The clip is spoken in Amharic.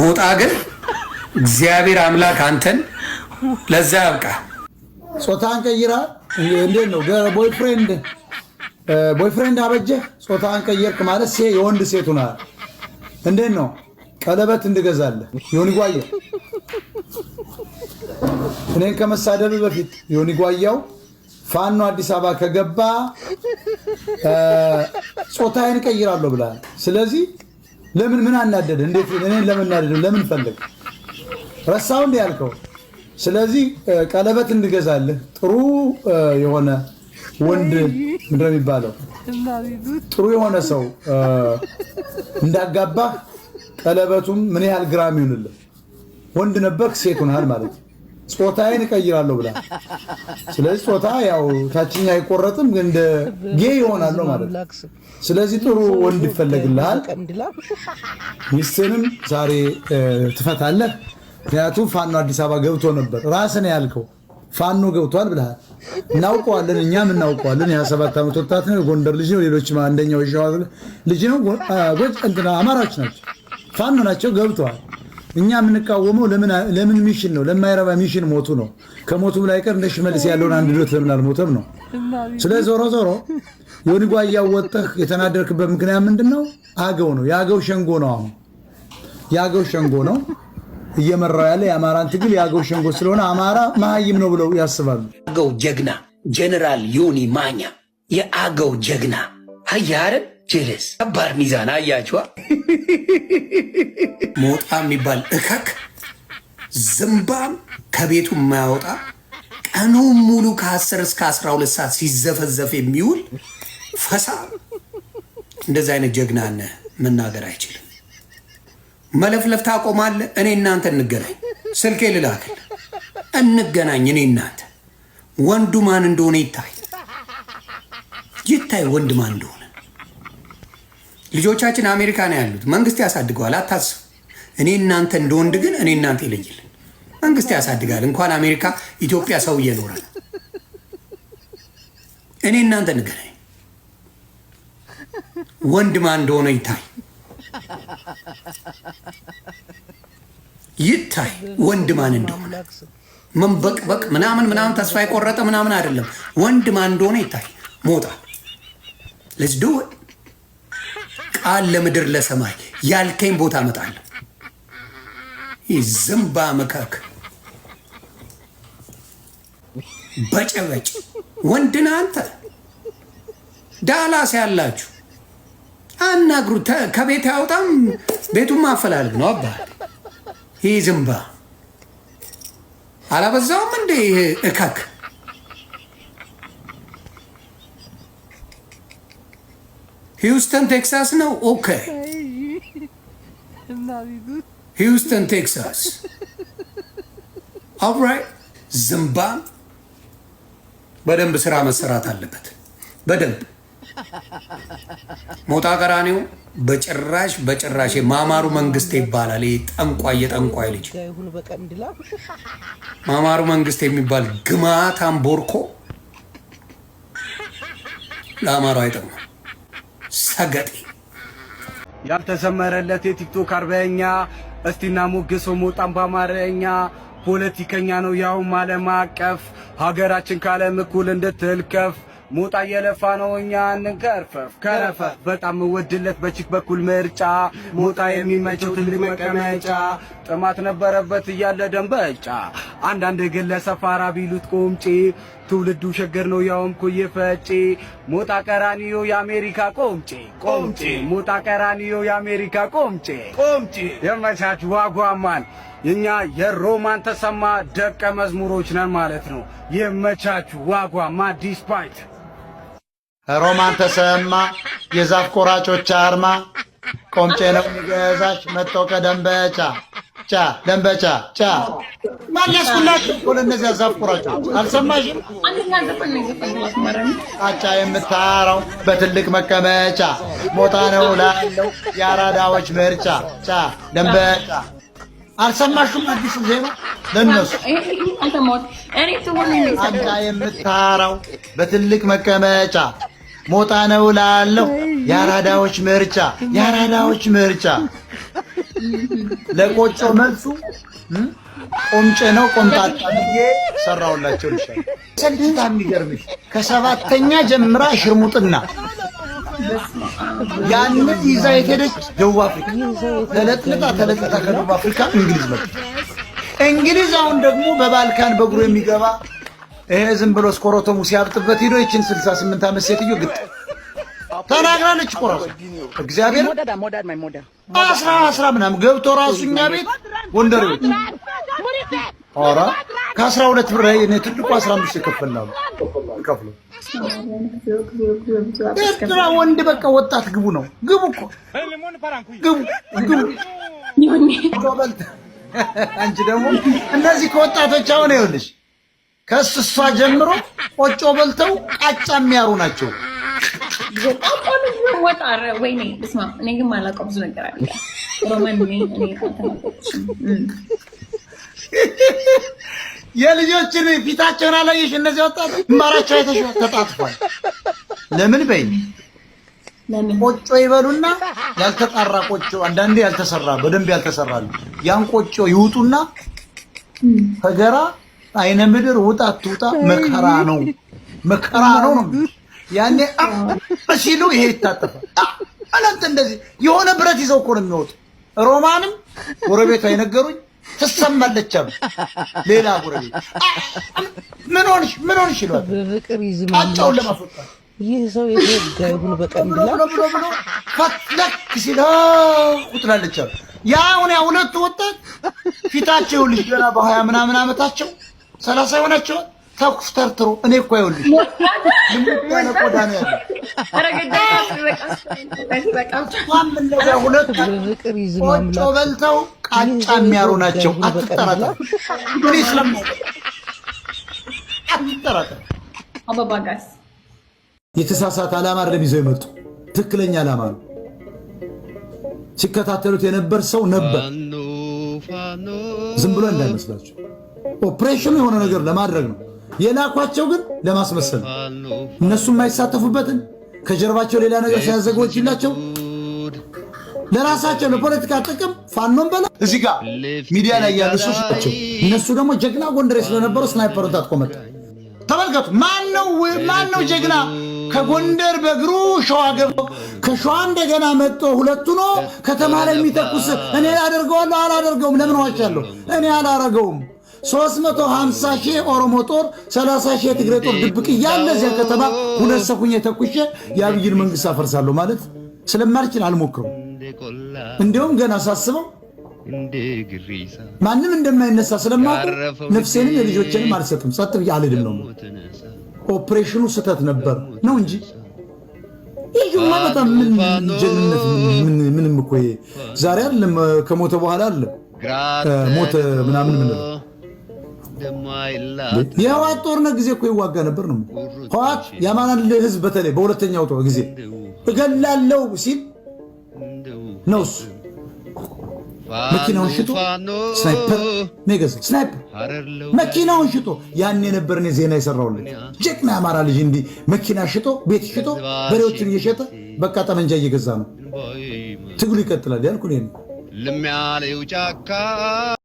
ሞጣ ግን እግዚአብሔር አምላክ አንተን ለዛ ያብቃ። ጾታን ቀይራ እንዴት ነው ቦይፍሬንድ ቦይፍሬንድ አበጀህ? ጾታን ቀየርክ ማለት ሴ የወንድ ሴቱ ነ እንዴት ነው ቀለበት እንድገዛለህ ዮኒ ጓያ እኔን ከመሳደብ በፊት ዮኒ ጓያው ፋኖ አዲስ አበባ ከገባ ጾታዬን ቀይራለሁ ብላል። ስለዚህ ለምን ምን አናደደ? እንዴት እኔን ለመናደድ ለምን ፈልግ ረሳው እንደ ያልከው። ስለዚህ ቀለበት እንድገዛልህ ጥሩ የሆነ ወንድ ምንድነው የሚባለው? ጥሩ የሆነ ሰው እንዳጋባህ ቀለበቱም ምን ያህል ግራም ይሁንልህ። ወንድ ነበርክ ሴት ሆነሃል ማለት ነው። ጾታዬን እቀይራለሁ ብላ። ስለዚህ ጾታ ያው ታችኛ አይቆረጥም፣ ግን እንደ ጌ ይሆናለሁ ማለት ነው። ስለዚህ ጥሩ ወንድ ይፈለግልሃል። ሚስትንም ዛሬ ትፈታለህ። ምክንያቱም ፋኖ አዲስ አበባ ገብቶ ነበር። ራስን ያልከው ፋኖ ገብቷል ብለሃል። እናውቀዋለን፣ እኛም እናውቀዋለን። የሃያ ሰባት ዓመት ወጣት ነው፣ ጎንደር ልጅ ነው። ሌሎች አንደኛው ልጅ ነው፣ እንትና አማራዎች ናቸው፣ ፋኖ ናቸው፣ ገብተዋል እኛ የምንቃወመው ለምን ሚሽን ነው? ለማይረባ ሚሽን ሞቱ ነው። ከሞቱም ላይ ቀር እንደ ሽመልስ ያለውን አንድ ዶት ለምን አልሞተም ነው። ስለዚህ ዞሮ ዞሮ ወንጓ እያወጠህ የተናደርክበት ምክንያት ምንድን ነው? አገው ነው የአገው ሸንጎ ነው። አሁን የአገው ሸንጎ ነው እየመራው ያለ የአማራን ትግል የአገው ሸንጎ ስለሆነ አማራ መሀይም ነው ብለው ያስባሉ። አገው ጀግና ጀነራል ዮኒ ማኛ የአገው ጀግና አያረ ጀለስ ከባድ ሚዛን አያችኋ ሞጣ የሚባል እከክ ዝምባም ከቤቱ የማያወጣ ቀኑን ሙሉ ከ10 አስራ 12 ሰዓት ሲዘፈዘፍ የሚውል ፈሳ እንደዚህ አይነት ጀግናነ መናገር አይችልም። መለፍለፍ ታቆማለ። እኔ እናንተ እንገናኝ፣ ስልኬ ልላክል፣ እንገናኝ። እኔ እናንተ ወንዱ ማን እንደሆነ ይታይ ይታይ፣ ወንድ ማን እንደሆነ ልጆቻችን አሜሪካ ነው ያሉት። መንግስት ያሳድገዋል፣ አታስብ። እኔ እናንተ እንደወንድ ግን እኔ እናንተ ይለይልን። መንግስት ያሳድጋል። እንኳን አሜሪካ ኢትዮጵያ ሰው እየኖራል። እኔ እናንተ እንገናኝ። ወንድ ማን እንደሆነ ይታይ ይታይ፣ ወንድ ማን እንደሆነ መንበቅበቅ ምናምን ምናምን ተስፋ የቆረጠ ምናምን አይደለም። ወንድ ማን እንደሆነ ይታይ። ሞጣ ለዚህ ቃል ለምድር ለሰማይ ያልከኝ ቦታ እመጣለሁ። ይህ ዝምባ መካክ በጨበጭ ወንድና አንተ ዳላስ ያላችሁ አናግሩ። ከቤት አውጣም ቤቱን ማፈላልግ ነው አባ። ይህ ዝምባ አላበዛውም እንዴ? እካክ ሂውስተን ቴክሳስ ነው። ኦኬ ሂውስተን ቴክሳስ አብራይ ዝምባ በደንብ ስራ መሰራት አለበት። በደንብ ሞጣ ቀራኔው በጭራሽ በጭራሽ ማማሩ መንግስት ይባላል። ጠንቋይ የጠንቋይ ልጅ ማማሩ መንግስት የሚባል ግማታም ቦርኮ ለአማሩ አይጠቅምም። ሰገጤ ያልተዘመረለት የቲክቶክ አርበኛ እስቲና ሞገሶ ሞጣም በአማርኛ ፖለቲከኛ ነው ያውም ዓለም አቀፍ ሀገራችን ካለም እኩል እንድትልከፍ ሞጣ እየለፋ ነው እኛ እንከርፈፍ ከረፈፍ በጣም ወድለት በቺክ በኩል ምርጫ ሞጣ የሚመቸው ትልቅ መቀመጫ ጥማት ነበረበት እያለ ደንበጫ አንዳንድ ግለሰብ ፋራ ቢሉት ቆምጪ ትውልዱ ሸገር ነው ያውም ኩየ ፈጪ ሞጣ ቀራኒዮ የአሜሪካ ቆምጪ ቆምጪ ሞጣ ቀራኒዮ የአሜሪካ ቆምጪ ቆምጪ የመቻች ዋጓማን የኛ የሮማን ተሰማ ደቀ መዝሙሮች ነን ማለት ነው። የመቻች ዋጓማ ዲስፓይት ሮማን ተሰማ የዛፍ ቆራጮች አርማ ቆምጬ ነው የሚገዛሽ መጥቶ ከደንበጫ ጫ ደንበጫ ጫ ማን ያስኩላችሁ? ሁሉ እነዚያ ዛፍ ቆራጮች አልሰማሽም? አጫ የምታረው በትልቅ መቀመጫ ሞጣ ነው ላለው የአራዳዎች ምርጫ ጫ ደንበጫ አልሰማሹም? አዲሱ ዜማ ለነሱ አጫ የምታረው በትልቅ መቀመጫ ሞጣ ነው ላለው የአራዳዎች ምርጫ የአራዳዎች ምርጫ ለቆጮ መልሱ ቆምጬ ነው። ቆምጣጣ ብዬ ሰራውላቸው ልሻል ሰልችታ የሚገርምሽ ከሰባተኛ ጀምራ ሽርሙጥና ያንን ይዛ የሄደች ደቡብ አፍሪካ ተለጥልጣ ተለጥልጣ ከደቡብ አፍሪካ እንግሊዝ መጣ። እንግሊዝ አሁን ደግሞ በባልካን በእግሩ የሚገባ ይሄ ዝም ብሎ እስኮሮቶሙ ሲያብጥበት ሂዶ ይችን 68 ዓመት ሴትዮ ግጥ ተናግራለች እኮ ራሱ እግዚአብሔር አስራ አስራ ምናምን ገብቶ ራሱ እኛ ቤት ጎንደሬዎች ኧረ ከአስራ ሁለት ብር እኔ ትልቁ አስራ አምስት የከፈልናሉ ከፍሎ ኤርትራ ወንድ በቃ ወጣት ግቡ ነው ግቡ እኮ ግቡ ግቡ አንቺ ደግሞ እነዚህ ከወጣቶች አሁን ይኸውልሽ ከስሷ ጀምሮ ቆጮ በልተው ቃጫ የሚያሩ ናቸው። የልጆችን ፊታቸውን አላየሽ? እነዚህ ወጣት ማራቸው አይተሽ ተጣጥፏል። ለምን በይ ቆጮ ይበሉና ያልተጣራ ቆጮ፣ አንዳንዴ ያልተሰራ በደንብ ያልተሰራሉ። ያን ቆጮ ይውጡና ከገራ አይነ ምድር ውጣ ትውጣ መከራ ነው መከራ ነው ነው። ያኔ ሲሉ ይሄ ይታጠፋል። አላንተ እንደዚህ የሆነ ብረት ይዘው እኮ ነው የሚወጡ። ሮማንም ጎረቤቷ የነገሩኝ ትሰማለች አሉ። ሌላ ጎረቤት ምን ሆንሽ ምን ሆንሽ ይሏል። ጫውን ለማስወጣት ይህ ሰው የጋይቡን በቀንድላፈትለክ ሲል ትላለች አሉ። ያ ሁለቱ ወጣት ፊታቸው ልጅ ገና በሀያ ምናምን አመታቸው ሰላሳ የሆናቸው ተኩስ ተርትሮ እኔ እኮ ይኸውልሽ ቆዳን ያለ ሁለት ቆጮ በልተው ቃጫ የሚያሩ ናቸው። አትጠራጠር፣ አትጠራጠር። የተሳሳተ ዓላማ አይደለም ይዘው የመጡ ትክክለኛ ዓላማ ነው። ሲከታተሉት የነበር ሰው ነበር። ዝም ብሎ እንዳይመስላቸው ኦፕሬሽኑ የሆነ ነገር ለማድረግ ነው። የላኳቸው ግን ለማስመሰል እነሱ የማይሳተፉበትን ከጀርባቸው ሌላ ነገር ሲያዘጋጁላቸው ለራሳቸው ለፖለቲካ ጥቅም ፋኖን በላ እዚህ ጋር ሚዲያ ላይ ያሉ ሰዎች ናቸው። እነሱ ደግሞ ጀግና ጎንደሬ ስለነበሩ ስናይፐሩን ታጥቆ መጣ። ተመልከቱ። ማነው ጀግና ከጎንደር በእግሩ ሸዋ ገብቶ ከሸዋ እንደገና መጥቶ ሁለቱ ነው ከተማ ላይ የሚተኩስ እኔ አደርገዋለሁ አላደርገውም። ለምን ዋሻለሁ? እኔ አላረገውም። 350 ሺህ ኦሮሞ ጦር 30 ሺህ የትግሬ ጦር ድብቅ እያለ እዚያ ከተማ ሁለት ሰኩኝ የተኩሼ የአብይን መንግስት አፈርሳለሁ ማለት ስለማልችል አልሞክሩም እንዲሁም ገና ሳስበው ማንም እንደማይነሳ ስለማውቅ ነፍሴንም የልጆቼንም አልሰጥም፣ ጸጥ ብዬ ነው። ኦፕሬሽኑ ስህተት ነበር ነው እንጂ ይህማ በጣም ምን ጀግንነት ምንም እኮ ዛሬ አለም ከሞተ በኋላ አለም ሞተ ምናምን ምንለው የህዋት ጦርነት ጊዜ እኮ ይዋጋ ነበር ነው። ህወሓት የአማራን ህዝብ በተለይ በሁለተኛው ጦር ጊዜ እገላለው ሲል ነው እሱ መኪናውን ሽጦ ስናይፐር ሜገዝ ስናይፐር መኪናውን ሽጦ ያን የነበርን ዜና የሰራውለት ጀግና የአማራ ልጅ እንዲህ መኪና ሽጦ ቤት ሽጦ በሬዎችን እየሸጠ በቃ ጠመንጃ እየገዛ ነው። ትግሉ ይቀጥላል ያልኩ ነው። ጫካ